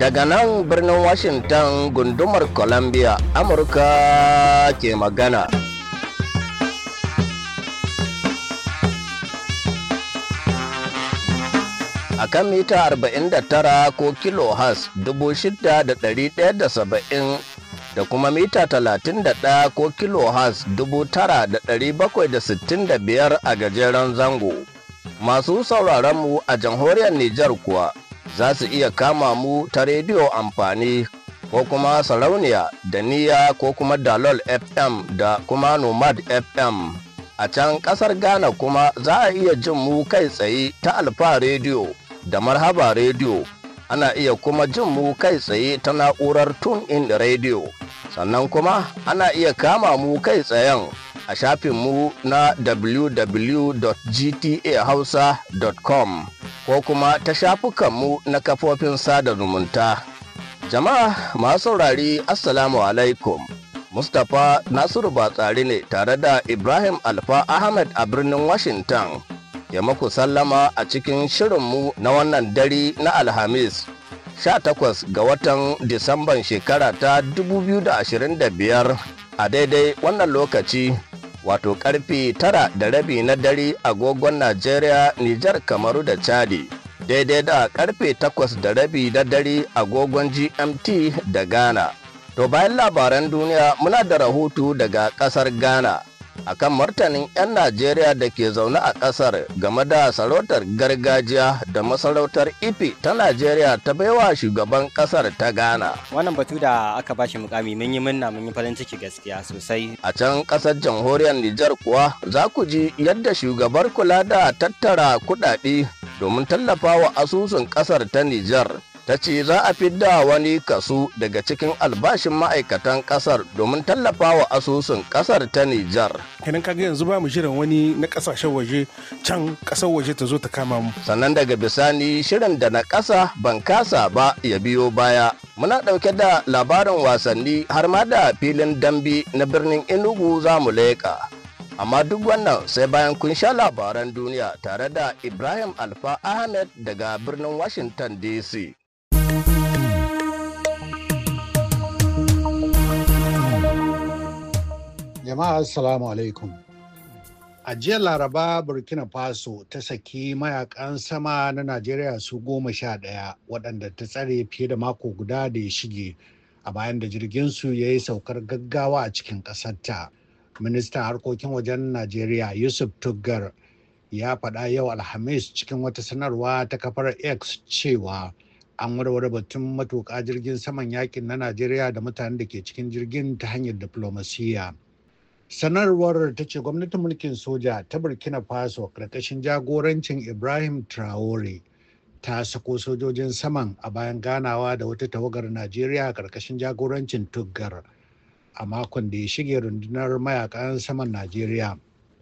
daga nan birnin washington gundumar columbia amurka ke magana a kan mita 49 ko kilo has 6,170 da kuma mita 31 ko kilo has 9,765 a gajeren zango masu sauraron mu a jamhuriyar Nijar kuwa za su iya kama mu ta rediyo amfani ko kuma sarauniya da niya ko kuma dalol fm da kuma nomad fm a can kasar ghana kuma za a iya jin mu kai tsaye ta alfa rediyo da marhaba rediyo ana iya kuma jin mu kai tsaye ta na'urar tune in radio sannan kuma ana iya kama mu kai tsayen a mu na www.gtahausa.com ko kuma ta shafukanmu na kafofin sada zumunta. Jama'a masu saurari Assalamu alaikum. Mustapha Nasiru Batsari ne tare da Ibrahim Alfa Ahmed a birnin Washington. Ya maku sallama a cikin shirinmu na wannan dare na Alhamis. 18 ga watan Disamban shekara ta 2025 a daidai wannan lokaci. wato karfe tara da rabi na dare agogon Najeriya, Nijar, Kamaru da Chadi. Daidai da karfe takwas da rabi na dare agogon GMT da Ghana. To bayan labaran duniya muna da rahoto daga kasar Ghana. akan martanin 'yan Najeriya da ke zaune a ƙasar game da sarautar gargajiya da masarautar ifi ta Najeriya ta baiwa shugaban ƙasar ta Ghana. Wannan batu da aka bashi mukami mun yi munna mun yi farin ciki gaskiya sosai. A can ƙasar jamhuriyar Nijar kuwa za ku ji yadda shugabar kula da tattara kuɗaɗe domin tallafa wa asusun ƙasar ta Nijar ta ce za a fidda wani kasu daga cikin albashin ma'aikatan kasar domin tallafa wa asusun kasar ta Nijar. Kenan kaga yanzu ba mu shirin wani na kasashen waje can kasar waje ta zo ta kama mu. Sannan daga bisani shirin da na kasa ban kasa ba ya biyo baya. Muna ɗauke da labarin wasanni har ma da filin dambe na birnin Enugu za mu leƙa. amma duk wannan sai bayan kun sha labaran duniya tare da ibrahim alfa ahmed daga birnin washington dc Jama'a Assalamu alaikum. A jiya Laraba Burkina Faso ta saki mayakan sama na Najeriya su goma sha ɗaya waɗanda ta tsare fiye da mako guda da ya shige a bayan da jirginsu ya yi saukar gaggawa a cikin ƙasarta. Ministan harkokin wajen Najeriya Yusuf Tuggar ya faɗa yau Alhamis cikin wata sanarwa ta kafar X cewa an warware batun matuƙa jirgin saman yakin na Najeriya da mutanen da ke cikin jirgin ta hanyar diflomasiyya. sanarwar ta ce gwamnatin mulkin soja ta burkina faso karkashin jagorancin ibrahim traore ta sako sojojin saman a bayan ganawa da wata tawagar najeriya karkashin jagorancin tuggar a makon da ya shige rundunar mayakan saman najeriya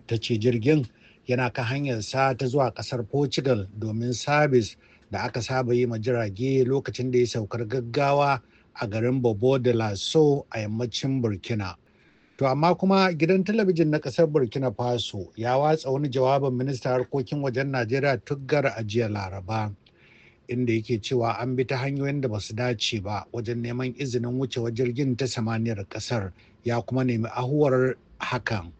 ta ce jirgin yana ka hanyar sa ta zuwa kasar portugal domin sabis da aka saba yi ma jirage lokacin da ya saukar gaggawa a garin bobo de laso a yammacin burkina To amma kuma gidan talabijin na ƙasar Burkina Faso ya watsa wani jawabin ministan harkokin wajen Najeriya tuggar a jiya Laraba. Inda yake cewa an bi ta hanyoyin da basu dace ba wajen neman izinin wucewa jirgin ta samaniyar ƙasar ya kuma nemi ahuwar hakan.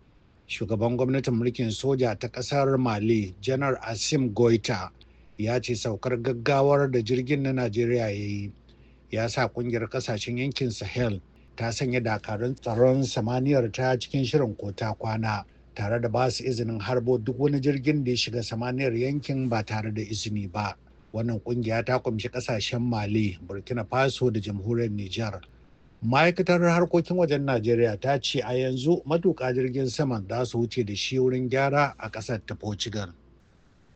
Shugaban gwamnatin mulkin soja ta ƙasar Mali, Janar Asim Goita, ya ce saukar gaggawar da jirgin na Najeriya ya yi ya sa ƙungiyar ƙasashen yankin Sahel ta sanya dakarun tsaron samaniyar ta cikin shirin ko ta kwana tare da ba su izinin harbo duk wani jirgin da ya shiga samaniyar yankin ba tare da izini ba wannan kungiya ta kumshi kasashen mali burkina faso da jamhuriyar niger ma'aikatar harkokin wajen najeriya ta ce a yanzu matuƙa jirgin saman za su wuce da shi wurin gyara a ƙasar ta portugal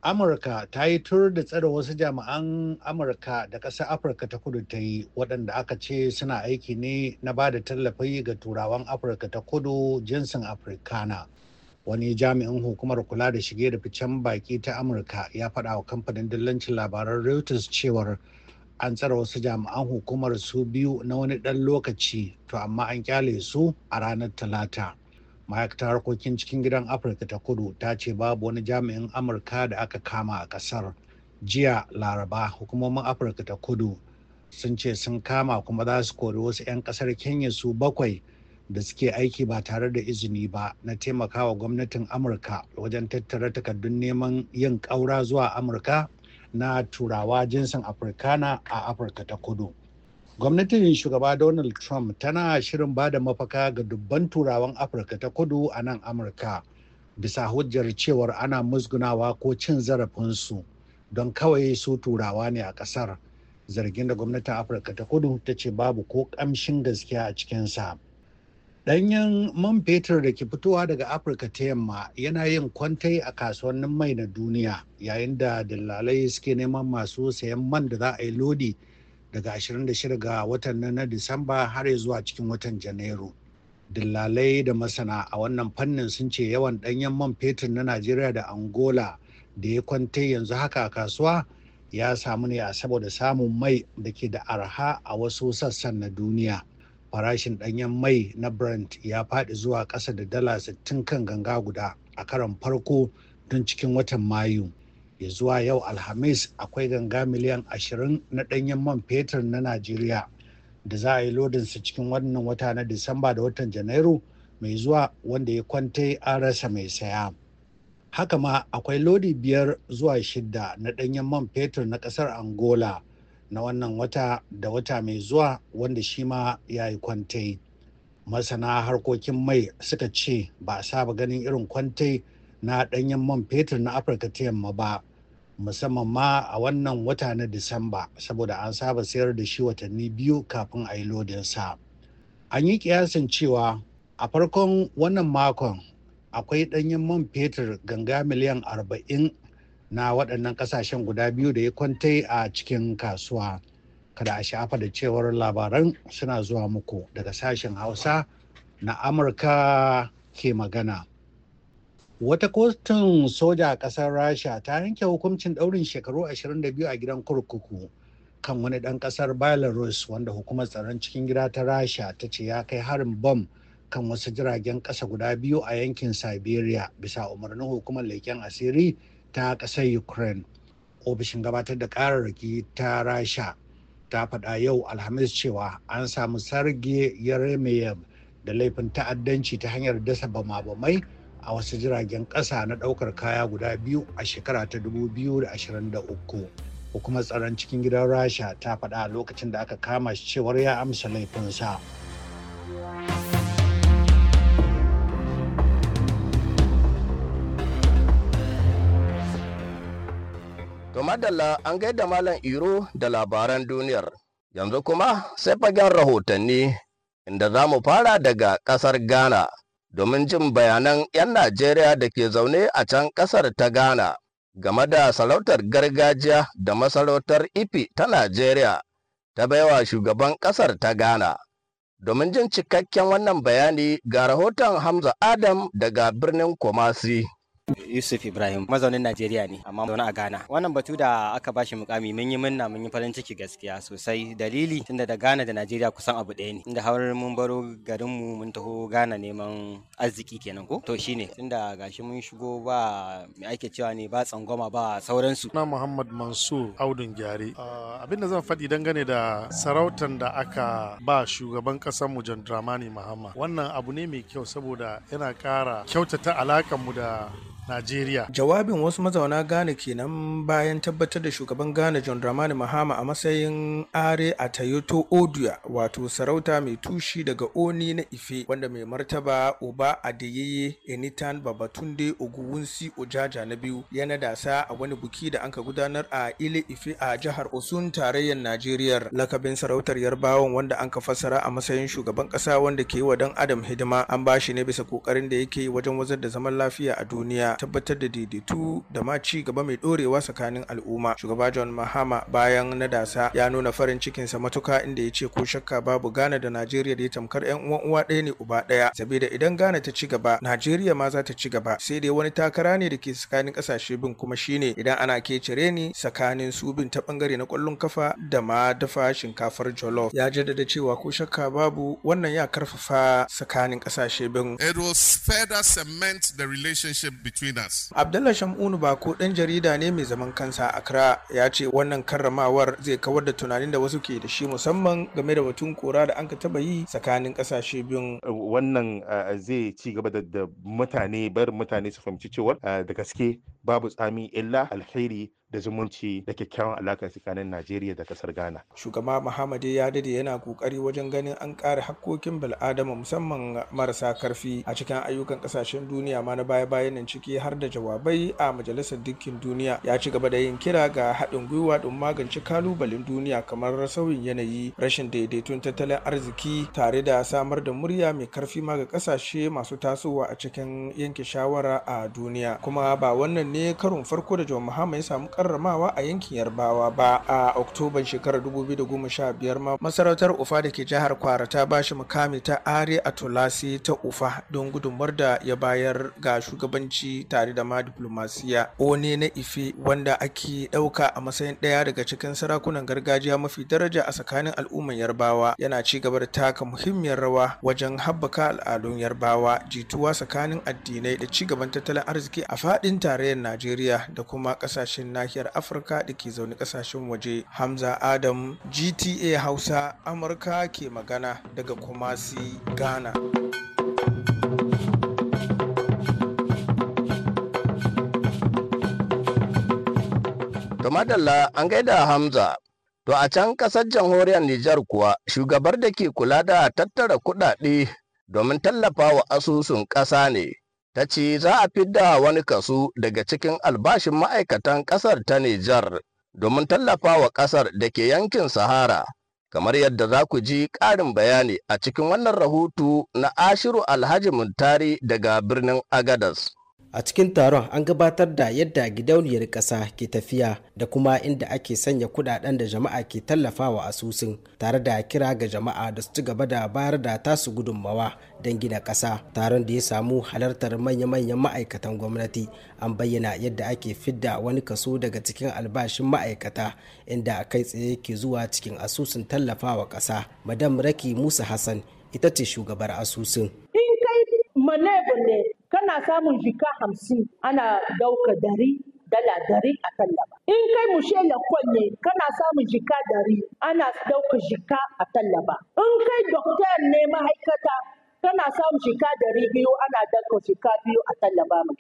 amurka ta yi tur da tsare wasu jami'an amurka da ƙasar afirka ta kudu ta yi waɗanda aka ce suna aiki ne na ba da tallafi ga turawan afirka ta kudu jinsin afirkana wani jami'in hukumar kula da shige da ficen baki ta amurka ya faɗa wa kamfanin dillancin labaran reuters cewar an tsare wasu jami'an hukumar su biyu na wani ɗan lokaci to amma an kyale su a ranar talata ma'aikatar harkokin cikin gidan afirka ta kudu ta ce babu wani jami'in amurka da aka kama a kasar jiya laraba hukumomin afirka ta kudu sun ce sun kama kuma za su kori wasu 'yan kasar kenya su bakwai da suke aiki ba tare da izini ba na taimakawa gwamnatin amurka wajen tattara takardun neman yin ƙaura zuwa amurka na turawa jinsin afirkana a afirka ta kudu Gwamnatin shugaba Donald Trump tana shirin ba da mafaka ga dubban turawan Afirka ta kudu a nan Amurka bisa hujjar cewar ana musgunawa ko cin zarafinsu don kawai su turawa ne a kasar. Zargin da gwamnatin Afirka ta kudu ta ce babu ko kamshin gaskiya a cikinsa. Ɗanyen man fetur da ke fitowa daga Afirka ta yamma yana yin kwantai a kasuwannin mai na duniya yayin da dillalai suke neman masu sayan man da za a yi lodi. daga 26 ga watan nan na Disamba har zuwa cikin watan Janairu. Dillalai da masana a wannan fannin sun ce yawan ɗanyen man fetur na Najeriya da Angola da ya kwantai yanzu haka a kasuwa ya samu ne a saboda samun mai da ke da arha a wasu sassan na duniya. Farashin ɗanyen mai na Brent ya faɗi zuwa ƙasa da dala 60 kan ganga guda a karon farko tun cikin watan Mayu. ya zuwa yau alhamis akwai ganga miliyan 20 na ɗanyen man fetur na najeriya da za a yi lodinsa cikin wannan wata na disamba da watan janairu mai zuwa wanda ya kwanta an rasa mai saya haka ma akwai lodi biyar zuwa shidda na ɗanyen man fetur na ƙasar angola na wannan wata da wata mai zuwa wanda shi ma ya yi kwantai masana harkokin mai suka ce ba a saba ganin irin kwantai na ɗanyen man fetur na afirka ta yamma ba musamman ma a wannan wata na disamba saboda an saba sayar da shi watanni biyu kafin a yi lodinsa an yi kiyasin cewa a farkon wannan makon akwai ɗanyen man fetur ganga miliyan arba'in na waɗannan ƙasashen guda biyu da ya kwantai a cikin kasuwa kada a sha'afa da cewar labaran suna zuwa muku daga sashen hausa na amurka ke magana wata kotun soja a ƙasar rasha ta yanke hukuncin ɗaurin shekaru 22 a gidan kurkuku kan wani ɗan ƙasar belarus wanda hukumar tsaron cikin gida ta rasha ta ce ya kai harin bom kan wasu jiragen ƙasa guda biyu a yankin siberia bisa umarnin hukumar leƙen asiri ta ƙasar ukraine ofishin gabatar da ƙararraki ta rasha ta faɗa yau alhamis cewa an samu sarge yaremeyev da laifin ta'addanci ta hanyar dasa bama-bamai a wasu jiragen ƙasa na ɗaukar kaya guda biyu a shekara ta 2023 hukumar tsaron cikin gidan rasha ta faɗa a lokacin da aka kama shi cewar ya amsa laifinsa to madalla an gaida malam iro da labaran duniyar yanzu kuma sai fagen rahotanni inda za mu fara daga ƙasar ghana domin jin bayanan 'yan Najeriya da ke zaune a can ƙasar ta Ghana game da salautar gargajiya da masarautar Ifi ta Najeriya ta baiwa shugaban ƙasar ta Ghana. Domin jin cikakken wannan bayani ga rahoton Hamza Adam daga birnin Kumasi. Yusuf Ibrahim mazaunin Najeriya ne amma zaune a Ghana. Wannan batu da aka bashi mukami mun yi munna mun yi farin ciki gaskiya sosai dalili tunda da Ghana da Najeriya kusan abu ɗaya ne. Tunda har mun baro garinmu mun taho Ghana neman arziki kenan ko? To shine tunda gashi mun shigo ba mai ake cewa ne ba tsangwama ba sauransu. Na Muhammad Mansur Audun Gyare. Ah, abin da zan faɗi dangane da sarautan da aka ba shugaban mu John Dramani Mahama. Wannan abu ne mai kyau saboda yana ƙara kyautata mu da Najeriya. Jawabin wasu mazauna Ghana kenan bayan tabbatar da shugaban Ghana John Dramani Mahama a matsayin Are a Tayoto, Oduya wato sarauta mai tushi daga Oni na Ife wanda mai martaba Oba Adeyeye Enitan Babatunde Oguwunsi Ojaja na biyu yana dasa a wani buki da anka gudanar a Ile Ife a jihar Osun tarayyar Najeriya. Lakabin sarautar Yarbawan wanda anka fassara a matsayin shugaban kasa wanda ke yi wa dan Adam hidima an bashi ne bisa kokarin da yake wajen wazar da zaman lafiya a duniya. tabbatar da daidaitu da ma ci gaba mai dorewa tsakanin al'umma shugaba john mahama bayan na dasa ya nuna farin cikinsa matuka inda ya ce ko shakka babu ghana da najeriya da ya tamkar yan uwan uwa ɗaya ne uba ɗaya saboda idan ghana ta ci gaba najeriya ma za ta ci gaba sai dai wani takara ne da ke tsakanin ƙasashe bin kuma shine idan ana ke cire ni tsakanin su bin ta bangare na ƙwallon kafa da ma dafa shinkafar jollof ya jaddada cewa ko shakka babu wannan ya karfafa tsakanin ƙasashe bin it was further cement the relationship between between us. Abdullah Shamunu ko ɗan jarida ne mai zaman kansa a Accra ya ce wannan karramawar zai kawar da tunanin da wasu ke da shi musamman game da batun kora da an ka taba yi tsakanin ƙasashe biyun. Wannan ah, zai ci gaba da mutane bar mutane su fahimci cewar ah, da gaske babu tsami illa alheri da zumunci da kyakkyawan alaƙa tsakanin Najeriya da ƙasar Ghana. Shugaba Muhammadu ya dade yana ƙoƙari wajen ganin an ƙara hakkokin bil'adama musamman marasa karfi a cikin ayyukan ƙasashen duniya ma na baya-bayan nan ciki har da jawabai a Majalisar Dukkin Duniya. Ya ci gaba da yin kira ga haɗin gwiwa don magance kalubalen duniya kamar sauyin yanayi, rashin daidaiton tattalin arziki tare da samar da murya mai karfi ma ga ƙasashe masu tasowa a cikin yanke shawara a duniya. Kuma ba wannan ne karon farko da John Mahama ya samu karramawa a yankin Yarbawa ba a Oktoban shekarar 2015 ma masarautar Ufa da ke jihar Kwara ta ba shi mukami ta Are Atolasi ta Ufa don gudunmar da ya bayar ga shugabanci tare da ma diplomasiya. One na Ife wanda ake ɗauka a matsayin ɗaya daga cikin sarakunan gargajiya mafi daraja a tsakanin al'umman Yarbawa yana ci gaba da taka muhimmiyar rawa wajen haɓaka al'adun Yarbawa jituwa tsakanin addinai da ci gaban tattalin arziki a faɗin tarayyar Najeriya da kuma kasashen nahiyar Afirka da ke zaune kasashen waje. Hamza Adam GTA Hausa Amurka ke magana daga Kumasi, Ghana. To madalla an gaida Hamza. To a can kasar jamhuriyar Nijar kuwa shugabar da ke kula da tattara kuɗaɗe domin tallafa wa asusun ƙasa ne. ta ce za a fidda wani kasu daga cikin albashin ma'aikatan ƙasar ta Nijar domin tallafa wa ƙasar da ke yankin Sahara. Kamar yadda za ku ji ƙarin bayani a cikin wannan rahoto na Ashiru Alhaji Muntari daga birnin Agadas. a cikin taron an gabatar da yadda gidauniyar ƙasa ke tafiya da kuma inda ake sanya kudaden da jama'a ke tallafawa asusun tare da kira ga jama'a da su ci gaba da bayar da tasu gudunmawa don gina ƙasa taron da ya samu halartar manya-manyan ma'aikatan gwamnati an bayyana yadda ake fidda wani kaso daga cikin albashin ma'aikata inda kai tsaye ke zuwa cikin asusun tallafawa ƙasa madam raki musa hassan ita ce shugabar asusun kana samun jika hamsin ana dauka dari dala dari a tallafa. In kai mushe lakon ne kana samun jika dari ana dauka jika a tallafa. In kai doktor ne ma'aikata kana samun jika dari biyu ana dauka jika biyu a tallafa ma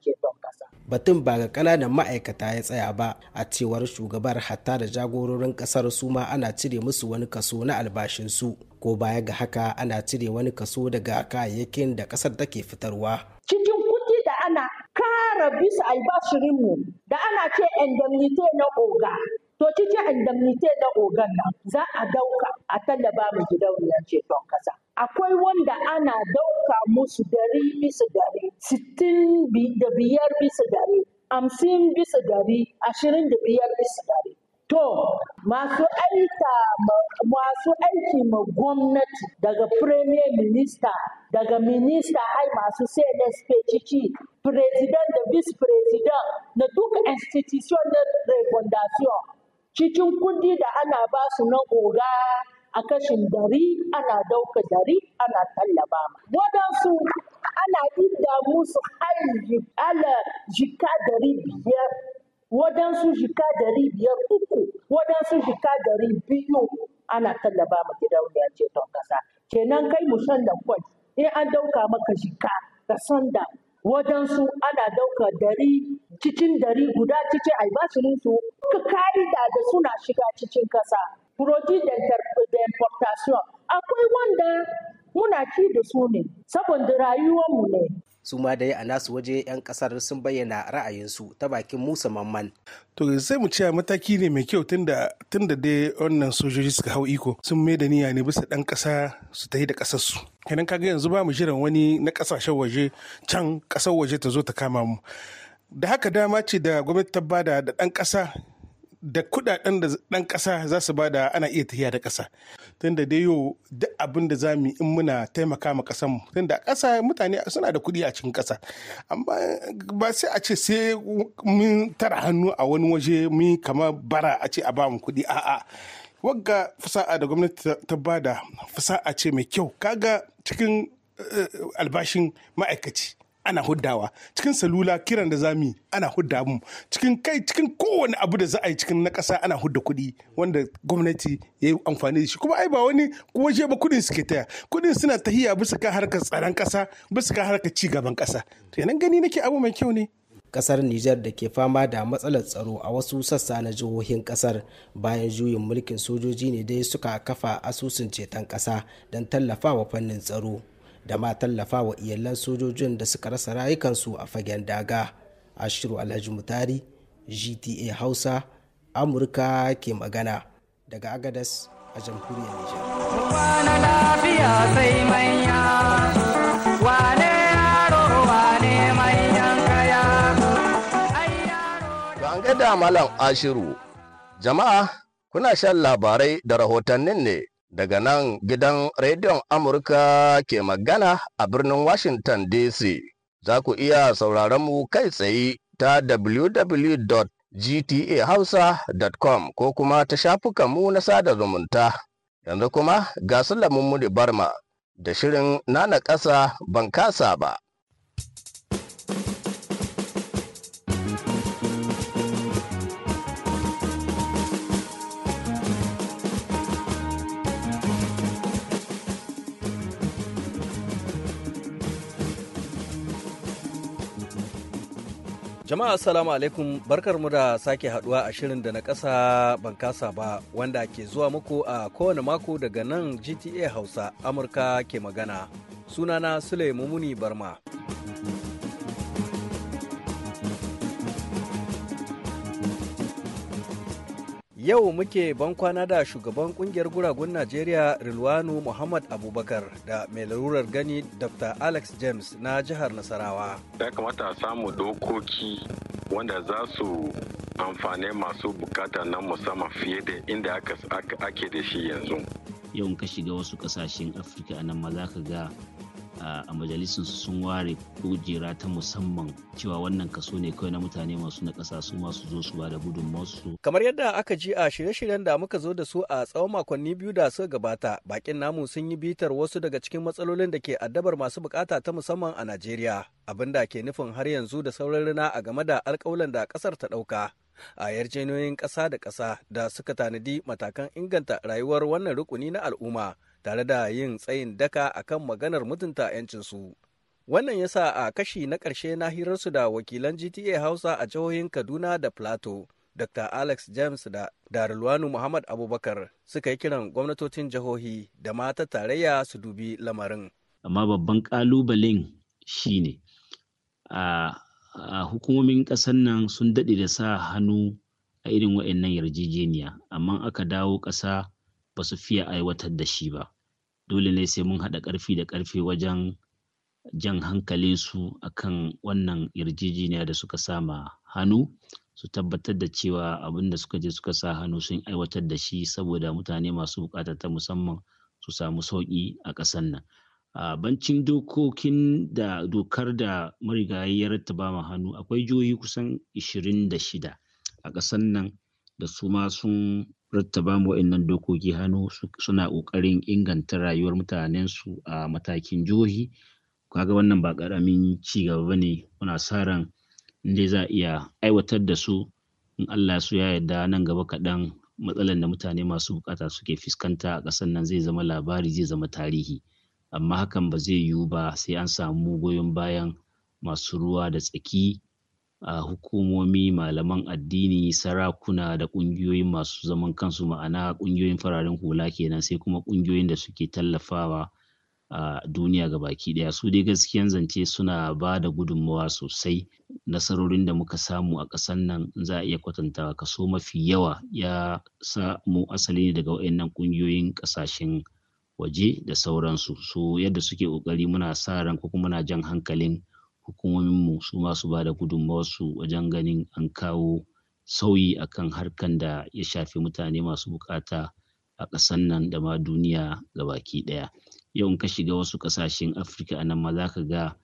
ce don kasa. Batun ba ga ƙananan ma'aikata ya tsaya ba a cewar shugabar hatta da jagororin ƙasar su ma ana cire musu wani kaso na albashinsu. ko baya ga haka ana cire wani kaso daga kayayyakin da ƙasar take fitarwa. Cikin kuɗi da ana kara bisa albashirinmu da ana ce indemnite na oga. To cikin indemnite na ogan nan za a dauka a tallaba mu gidauniyar ceton kasa. Akwai wanda ana dauka musu dari bisa dari, sittin da biyar bisa dari, hamsin bisa dari, ashirin da biyar bisa dari. To, masu aika masu aiki ma gwamnati daga Premier Minister, daga Minista ai masu CNSP ciki, President da Vice President na duk institution na refondation cikin kundi da ana ba su na oga a kashin dari ana dauka dari ana tallaba ma. Wadansu ana inda musu ala jika dari biyar wadansu jika dari biyar uku wadansu jika dari biyu ana tallaba ma gidauniyar ceton kasa kenan kai mushan da kwai in an ɗauka maka shika. ka sanda wadansu ana ɗauka dari cikin dari guda cikin albashirinsu ka kari da suna shiga cikin kasa produit d'importation akwai wanda muna ci da su ne saboda rayuwarmu ne su ma dai a nasu waje 'yan kasar sun bayyana ra'ayinsu ta bakin musa mamman to sai mu cewa mataki ne mai kyau tunda tunda dai wannan sojoji suka hau iko sun mai da niyya ne bisa dan kasa su ta yi da kasar su kenan kaga yanzu ba mu jiran wani na kasashen waje can kasar waje ta zo ta kama mu da haka dama ce da gwamnati ta bada da dan kasa da kudaden da ɗan kasa za su bada ana iya tafiya da ƙasa tunda da yau duk abin da za mu in muna taimaka ma ƙasar mu tunda kasa mutane suna da kuɗi a cikin ƙasa amma ba sai a ce sai mun tara hannu a wani waje mun kama bara a ce a ba mu kuɗi a'a wagga fasa'a da gwamnati ta bada fasa'a ce mai kyau kaga cikin eh, albashin ma'aikaci ana huddawa cikin salula kiran da zamu ana hudda mu cikin kai cikin kowane abu da za a yi cikin na ƙasa ana hudda kuɗi wanda gwamnati ya yi amfani da shi kuma ai ba wani waje ba kuɗin suke taya kuɗin suna tahiya bisa ka harkar tsaron ƙasa bisa ka harkar ci gaban ƙasa yanan gani nake abu mai kyau ne kasar Nijar da ke fama da matsalar tsaro a wasu sassa na jihohin kasar bayan juyin mulkin sojoji ne dai suka kafa asusun ceton kasa don tallafawa fannin tsaro. da ma tallafa wa iyalan sojojin da suka rasa rayukansu a fagen daga ashiru alhaji mutari gta hausa amurka ke magana daga agadas a jamhuriyar nijar da Malam Ashiru. Jama'a, kuna shan labarai da rahotannin ne Daga nan gidan rediyon Amurka ke magana a birnin Washington DC. Za ku iya sauraron mu kai tsaye ta www.gtahausa.com ko kuma ta shafukanmu na sada zumunta. Yanzu kuma ga da Barma da shirin nana ƙasa ban kasa ba. Jama'a assalamu alaikum barkar mu da sake haduwa a shirin da na kasa ban kasa ba wanda ke zuwa muku a kowane mako daga nan GTA Hausa Amurka ke magana. Sunana Sule Mumuni Barma. Yau muke bankwana da shugaban kungiyar guragun Najeriya Rilwanu Muhammad Abubakar da mai larurar gani Dr. Alex James na jihar Nasarawa. Ya kamata a samu dokoki wanda za su amfane masu bukata na musamman fiye da inda ake da shi yanzu. Yau ka shiga wasu kasashen Afirka nan ma za ka ga a majalisun sun ware kujera ta musamman cewa wannan kaso ne kawai na mutane masu na ƙasa su masu zo su ba da masu. Kamar yadda aka ji a shirye-shiryen da muka zo da su a tsawon makonni biyu da suka gabata bakin namu sun yi bitar wasu daga cikin matsalolin da ke addabar masu bukata ta musamman a Najeriya abin da ke nufin har yanzu da sauran rina a game da alkawalan da ƙasar ta ɗauka. a yarjejeniyoyin ƙasa da ƙasa da suka tanadi matakan inganta rayuwar wannan rukuni na al'umma tare da yin tsayin daka akan maganar mutunta 'yancinsu. Wannan ya sa a kashi na ƙarshe na hirarsu da wakilan GTA Hausa a jihohin Kaduna da plato Dr. Alex James da Darulwanu Muhammad Abubakar suka yi kiran gwamnatocin jihohi da mata tarayya su dubi lamarin. Amma babban ƙalubalen shi ne, a hukumomin ƙasar nan sun daɗe da sa hannu a irin yarjejeniya, amma aka dawo ƙasa ba su fiye aiwatar da shi ba. dole ne sai mun haɗa ƙarfi da ƙarfe wajen jan hankali su akan wannan yarjejeniya da suka sama hannu su tabbatar da cewa abin da suka je suka sa hannu sun aiwatar da shi saboda mutane masu bukata ta musamman su samu sauƙi a ƙasar nan a bancin dokokin da dokar da marigayi ya rattaba ma hannu akwai jihohi kusan 26 a ƙasar nan da su ma sun rattaba mu waɗannan dokoki hannu suna ƙoƙarin inganta rayuwar mutanensu a matakin jihohi kaga wannan ba ƙaramin ci gaba ba ne muna sa ran inda za a iya aiwatar da su in Allah su ya yarda nan gaba kaɗan matsalar da mutane masu buƙata suke fuskanta a ƙasar nan zai zama labari zai zama tarihi amma hakan ba zai yiwu ba sai an samu goyon bayan masu ruwa da tsaki a hukumomi malaman addini sarakuna da ƙungiyoyin masu zaman kansu ma'ana ƙungiyoyin fararen hula kenan sai kuma ƙungiyoyin da suke tallafawa a duniya ga baki ɗaya su dai gaskiyan zance suna ba da gudunmawa sosai nasarorin da muka samu a ƙasar nan za a iya kwatantawa kaso mafi yawa ya sa samu asali ne daga waɗannan ƙungiyoyin ƙasashen waje da sauransu so yadda suke ƙoƙari muna sa ran ko kuma muna jan hankalin hukumominmu su ma su ba da gudunmawarsu wajen ganin an kawo sauyi akan harkan da ya shafi mutane masu buƙata a ƙasan nan da ma duniya gabaki ɗaya yau in ka shiga wasu ƙasashen afirka a nan ma za ka ga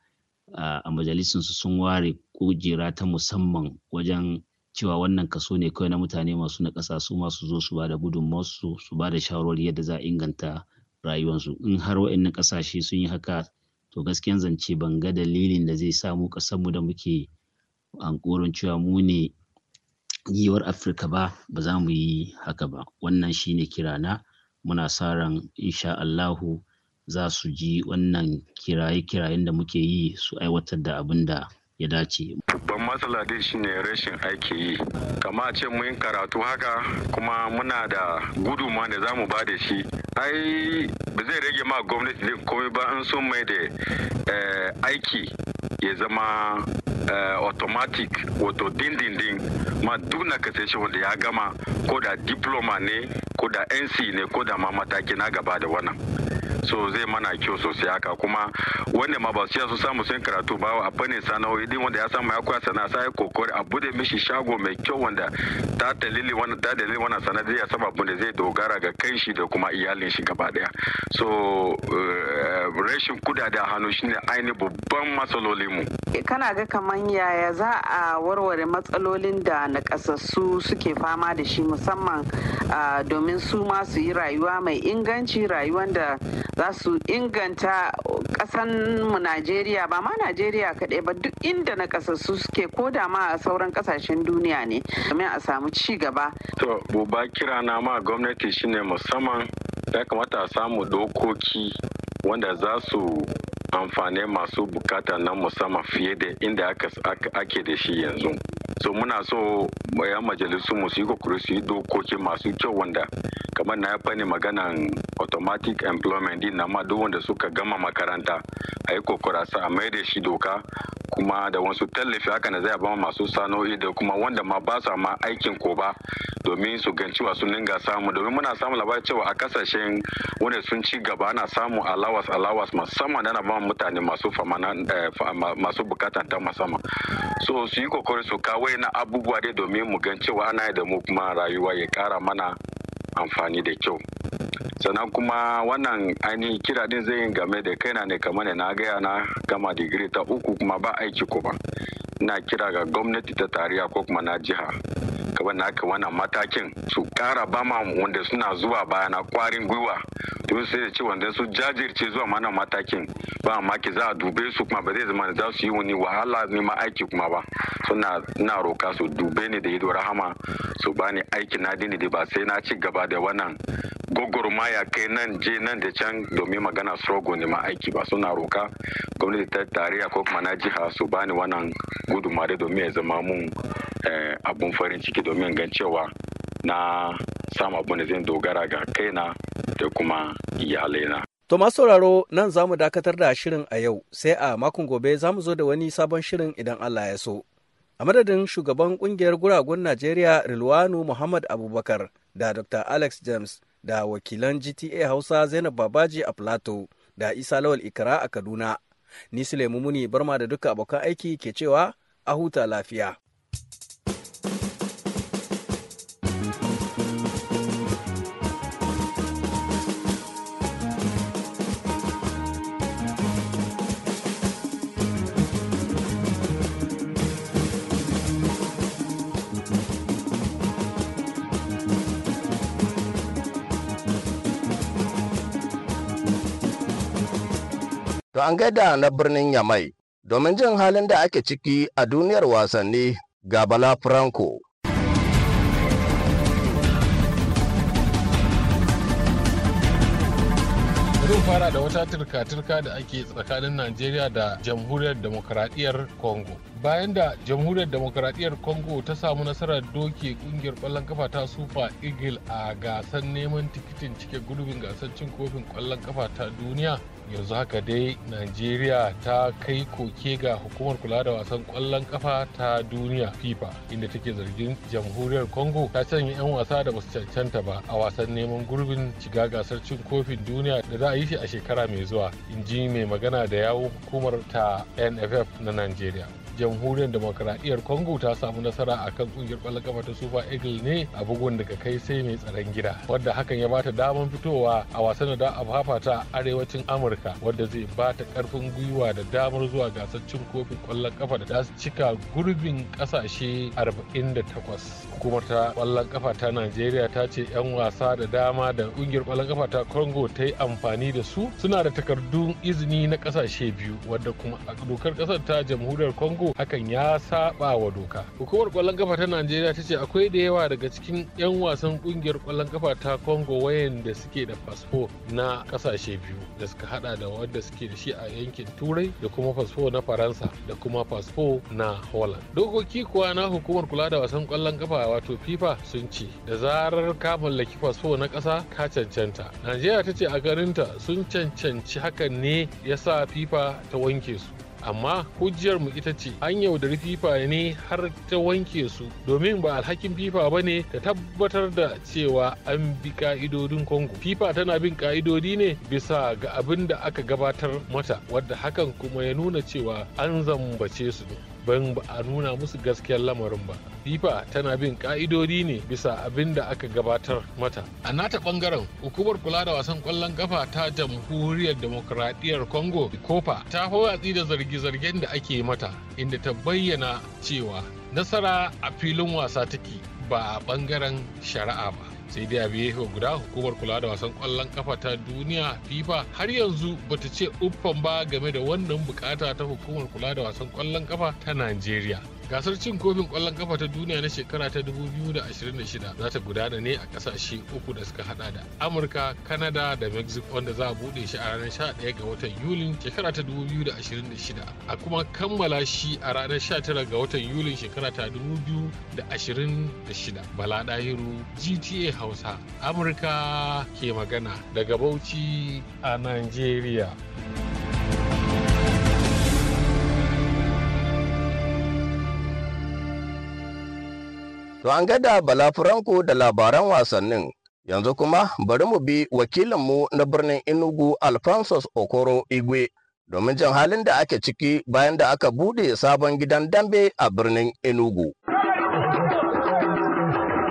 a majalisinsu sun ware kujera ta musamman wajen cewa wannan kaso ne kawai na mutane masu na ƙasa su ma su zo su ba da gudunmawarsu su ba shawarwari yadda za a inganta rayuwarsu in har waɗannan ƙasashe sun yi haka to gaskiyan zance ban ga dalilin da zai samu mu da muke hankoron cewa mu ne giwar afirka ba ba za mu yi haka ba wannan shine kirana muna sa ran insha Allahu za su ji wannan kiraye-kirayen da muke yi su aiwatar da abin da ya dace. Babban matsala dai shine rashin aiki yi. Kama a ce mun karatu haka kuma muna da guduma da zamu ba da shi. Ai ba zai rage ma gwamnati din komai ba in sun mai da eh, aiki ya zama eh, automatic wato dindindin ma duna kasashe wanda ya gama ko da diploma ne ko da nc ne ko da ma mataki na gaba da wannan so zai mana kyau sosai haka kuma wanda ma ba su ya so samu sun karatu ba a fannin sana'o'i din wanda ya samu ya koya sana'a sai kokori a bude mishi shago mai kyau wanda ta dalili wannan ta dalili wannan sana'a zai saba da zai dogara ga kan shi da kuma iyalin shi gaba daya so eh, rashin kuda da hannu shine ainihin babban matsalolin mu kana ga kaman yaya za a warware matsalolin da nakasassu suke fama da shi musamman ah, domin su ma su yi rayuwa mai inganci rayuwar da za su inganta kasan mu najeriya ba ma najeriya kaɗai ba duk inda na su suke ko da ma a sauran ƙasashen duniya ne domin a samu ci gaba to buba kira na ma gwamnati shine musamman ya kamata a samu dokoki wanda za su amfani masu bukata na musamman fiye da inda ake da shi yanzu so muna so ya majalisu mu yi kokuri su yi dokoki masu kyau wanda kamar na ya fani maganan automatic employment din na ma duk wanda suka gama makaranta a yi kokura su a mai da shi doka kuma da wasu tallafi haka na zai ba masu sanoi da kuma wanda ma ba sa ma aikin ko ba domin su ganci wasu ninga samu domin muna samu labarin cewa a kasashen wanda sun ci gaba ana samu alawas alawas musamman ana ba mutane masu eh, masu bukatan ta musamman so su yi kokari su kawo na abubuwa dai domin mu gan cewa ana da mu kuma rayuwa ya kara mana amfani da kyau sannan kuma wannan ainihin kira din zai yi game da kaina ne kamar na gaya na gama digiri ta uku kuma ba aiki ko ba na kira ga gwamnati ta tariya ko kuma na jiha kamar na aka wannan matakin su kara ba ma wanda suna zuwa baya na kwarin gwiwa domin sai da ce wanda su jajirce zuwa mana matakin ba maki za a dube su kuma ba zai zama za su yi wani wahala neman aiki kuma ba suna na roka su dube ni da ido rahama su bani aiki na dini da ba sai na ci gaba da wannan ya kai nan je nan da can domin magana strogo ne ma aiki ba suna roka gwamnati ta tarayya ko kuma na jiha su bani wannan gudumare domin ya zama mun eh, abun farin ciki domin gan cewa na samu abun da zan dogara ga kaina da kuma iyalaina. To masu sauraro nan za mu dakatar da shirin a yau sai a makon gobe za mu zo da wani sabon shirin idan Allah ya so. A madadin shugaban kungiyar guragun Najeriya Rilwanu Muhammad Abubakar da Dr. Alex James da wakilan GTA Hausa Zainab Babaji a Plateau da Isa Lawal Ikra a Kaduna. Ni Sulaimu Muni Barma da duka abokan aiki ke cewa a huta lafiya. To an gaida na birnin Yamai domin jin halin da ake ciki a duniyar wasanni ga Bala Franco. Bari fara da wata turka-turka da ake tsakanin Najeriya da Jamhuriyar Demokuraɗiyyar Congo. Bayan da Jamhuriyar Demokuraɗiyyar Congo ta samu nasarar doke kungiyar ƙwallon kafa ta Super Eagle a gasar neman tikitin cike gurbin gasar cin kofin ƙwallon kafa ta duniya yanzu haka dai najeriya ta kai koke ga hukumar kula da wasan kwallon kafa ta duniya fifa inda take zargin jamhuriyar congo ta sanya 'yan wasa da basu cancanta ba a wasan neman gurbin shiga gasar cin kofin duniya da za a yi shi a shekara mai zuwa in ji mai magana da yawun hukumar ta nff na najeriya jamhuriyar demokradiyyar congo ta samu nasara akan kungiyar kwallon ta super eagle ne a bugun daga kai sai mai tsaron gida wadda hakan ya bata damar fitowa a wasan da a fafata arewacin amurka wadda zai bata karfin gwiwa da damar zuwa gasar cin kofin kwallon kafa da za su cika gurbin kasashe 48 hukumar ta kwallon kafa ta najeriya ta ce 'yan wasa da dama da kungiyar kwallon kafa ta congo ta yi amfani da su suna da takardun izini na kasashe biyu wadda kuma a dokar kasar ta jamhuriyar congo hakan ya saba wa doka hukumar kwallon kafa ta najeriya ta ce akwai da yawa daga cikin 'yan wasan kungiyar kwallon kafa ta congo wayanda suke da fasfo na kasashe biyu da suka hada da wadda suke da shi a yankin turai da kuma fasfo na faransa da kuma fasfo na holland dokoki kuwa na hukumar kula da wasan kwallon kafa wato fifa sun ce da zarar ka mallaki fasfo na kasa ka cancanta najeriya ta ce a garinta sun cancanci hakan ne ya sa fifa ta wanke su amma hujjar mu ita ce an yaudari fifa ne har ta wanke su domin ba alhakin fifa ba ne ta tabbatar da cewa an bi ka'idodin congo fifa tana bin ka'idodi ne bisa ga abin da aka gabatar mata wadda hakan kuma ya nuna cewa an zambace su ban ba a nuna musu gaskiyar lamarin ba fifa tana bin ka'idodi ne bisa abin da aka gabatar mata a nata bangaren hukumar kula da wasan kwallon kafa ta jamhuriyar demokradiyyar congo kofa ta watsi da zarge-zargen da ake mata inda ta bayyana cewa nasara a filin wasa take ba a bangaren shari'a ba sai dai a guda hukumar kula da wasan kwallon kafa ta duniya fifa har yanzu bata ce uffan ba game da wannan bukata ta hukumar kula da wasan kwallon kafa ta najeriya gasar cin kofin kwallon kafa ta duniya na shekara ta 2026 za ta gudana ne a kasashe uku da suka hada da amurka canada da mexico wanda za a bude shi a ranar 11 ga watan yulin shekara ta 2026 a kuma kammala shi a ranar 19 ga watan yulin shekara ta 2026 bala dahiru gta hausa amurka ke magana daga bauchi a nigeria To an ga da Bala Franco da labaran wasannin. Yanzu kuma bari mu bi wakilinmu na birnin inugu Alphonsus Okoro Igwe domin jin halin da ake ciki bayan da aka bude sabon gidan dambe a birnin inugu.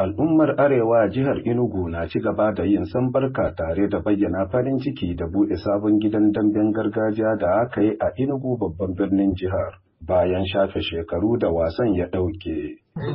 Al'ummar Arewa jihar Inugu na ci gaba da yin sambarka tare da bayyana farin ciki da buɗe sabon gidan damben gargajiya da aka yi a Inugu babban birnin jihar bayan shafe shekaru da wasan ya ɗauke. Uh,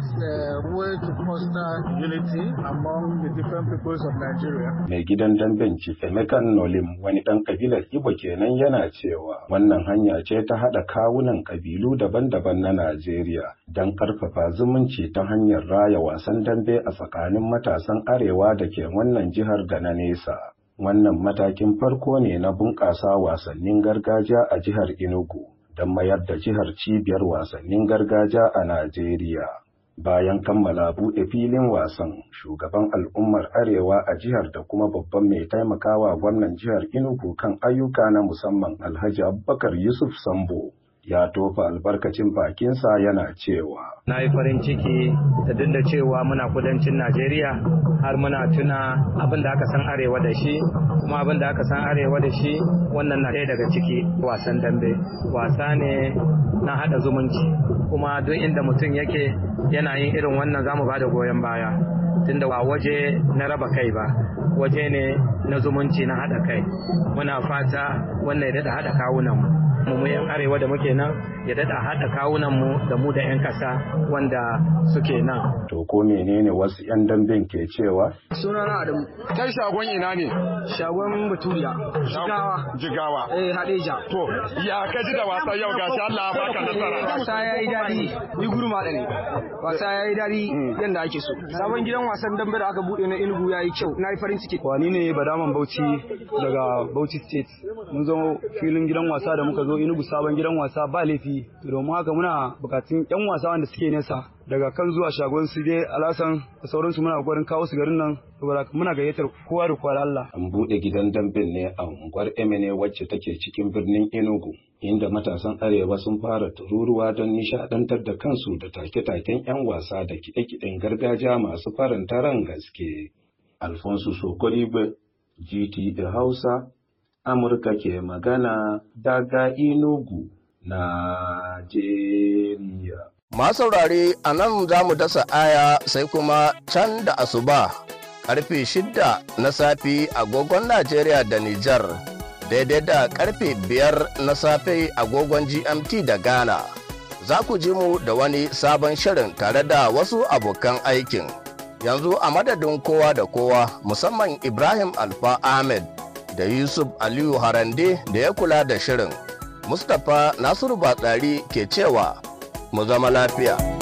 Mai gidan damben ci Emekan Nolim wani ɗan kabilar Igbo kenan yana cewa wannan hanya ce ta haɗa kawunan kabilu daban-daban na Najeriya don ƙarfafa zumunci ta hanyar raya wasan dambe a tsakanin matasan arewa da ke wannan jihar da na nesa. Wannan matakin farko ne na bunƙasa wasannin gargajiya a jihar Enugu don mayar da jihar cibiyar wasannin gargajiya a Najeriya. Bayan kammala buɗe filin wasan, shugaban al'ummar Arewa a jihar da kuma babban mai taimakawa gwamnan jihar Enugu kan ayyuka na musamman Alhaji Abubakar Yusuf Sambo ya tofa albarkacin bakinsa yana cewa. Na yi farin ciki da dinda cewa muna kudancin Najeriya har muna tuna abin da aka san arewa da shi kuma abin da aka san arewa da shi wannan na ɗaya daga ciki wasan dambe. Wasa ne na haɗa zumunci kuma duk inda mutum yake yana yin irin wannan zamu ba da goyon baya. tunda ba waje na raba kai ba waje ne na zumunci na haɗa kai muna fata wannan ya daɗa haɗa kawunan mu mu yan arewa da muke nan ya daɗa haɗa kawunan mu da mu da yan ƙasa wanda suke nan. To ko menene wasu yan damben ke cewa? Sunana Adamu. Kai shagon ina ne? Shagon Baturiya. Jigawa. Jigawa. Eh Hadeja. To ya ka ji da wasa yau gashi Allah ya baka nasara. Wasa yayi dadi. Ni gurma da ne. Wasa yayi dadi mm. yanda ake so. Sabon gidan wasan dambe da aka bude na ya yi kyau na yi farin ciki wani ne badaman Bauchi daga Bauchi State mun zo filin gidan wasa da muka zo inugu sabon gidan wasa ba laifi domin haka muna bukatun yan wasa wanda suke nesa daga kan zuwa shagon su dai alasan sauransu muna gwarin kawo su garin nan saboda muna gayyatar kowa da kowa Allah. An buɗe gidan dambin ne a unguwar Emene wacce take cikin birnin Enugu inda matasan arewa sun fara tururuwa don nishaɗantar da kansu da take-taken 'yan wasa da kiɗe-kiɗen gargajiya masu faranta ran gaske. Alfonso Sokolibe, da Hausa, Amurka ke magana daga Enugu, Najeriya. Masu saurare a nan za mu dasa aya sai kuma can da asuba karfe shidda na safi agogon Najeriya da Nijar daidai da karfe biyar na safe agogon GMT da Ghana. Za ku ji mu da wani sabon shirin tare da wasu abokan aikin. Yanzu a madadin kowa da kowa musamman Ibrahim Alfa Ahmed da Yusuf Aliyu Harande da ya kula da shirin. Mustapha Nasiru Batsari ke cewa mu zama lafiya